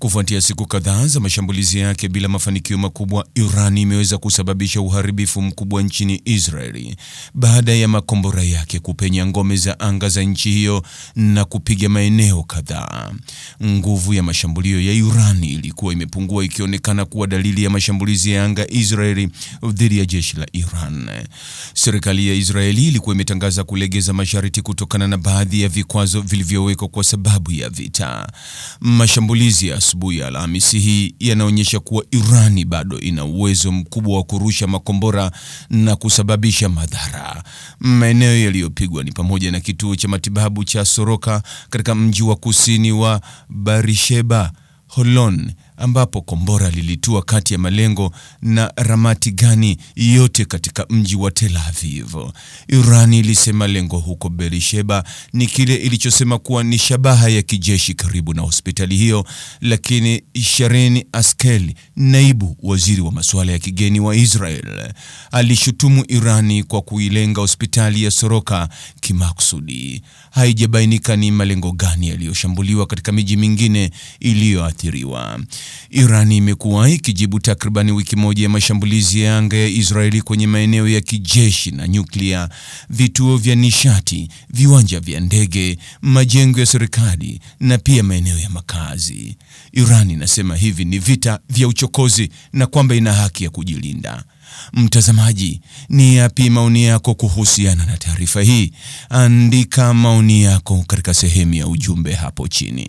Kufuatia siku kadhaa za mashambulizi yake bila mafanikio makubwa, Iran imeweza kusababisha uharibifu mkubwa nchini Israeli baada ya makombora yake kupenya ngome za anga za nchi hiyo na kupiga maeneo kadhaa. Nguvu ya mashambulio ya Iran ilikuwa imepungua, ikionekana kuwa dalili ya mashambulizi ya anga Israeli dhidi ya jeshi la Iran. Serikali ya Israeli ilikuwa imetangaza kulegeza masharti kutokana na baadhi ya vikwazo vilivyowekwa kwa sababu ya vita. Mashambulizi ya asubuhi ya Alhamisi hii yanaonyesha kuwa Irani bado ina uwezo mkubwa wa kurusha makombora na kusababisha madhara. Maeneo yaliyopigwa ni pamoja na kituo cha matibabu cha Soroka katika mji wa kusini wa Barisheba, Holon ambapo kombora lilitua kati ya malengo na ramati gani yote katika mji wa Tel Aviv. Iran ilisema lengo huko Beersheba ni kile ilichosema kuwa ni shabaha ya kijeshi karibu na hospitali hiyo, lakini Sharin Askeli, naibu waziri wa masuala ya kigeni wa Israel, alishutumu Irani kwa kuilenga hospitali ya Soroka kimakusudi. Haijabainika ni malengo gani yaliyoshambuliwa katika miji mingine iliyoathiriwa. Iran imekuwa ikijibu takribani wiki moja ya mashambulizi ya anga ya Israeli kwenye maeneo ya kijeshi na nyuklia, vituo vya nishati, viwanja vya ndege, majengo ya serikali na pia maeneo ya makazi. Iran inasema hivi ni vita vya uchokozi na kwamba ina haki ya kujilinda. Mtazamaji, ni yapi maoni yako kuhusiana na taarifa hii? Andika maoni yako katika sehemu ya ujumbe hapo chini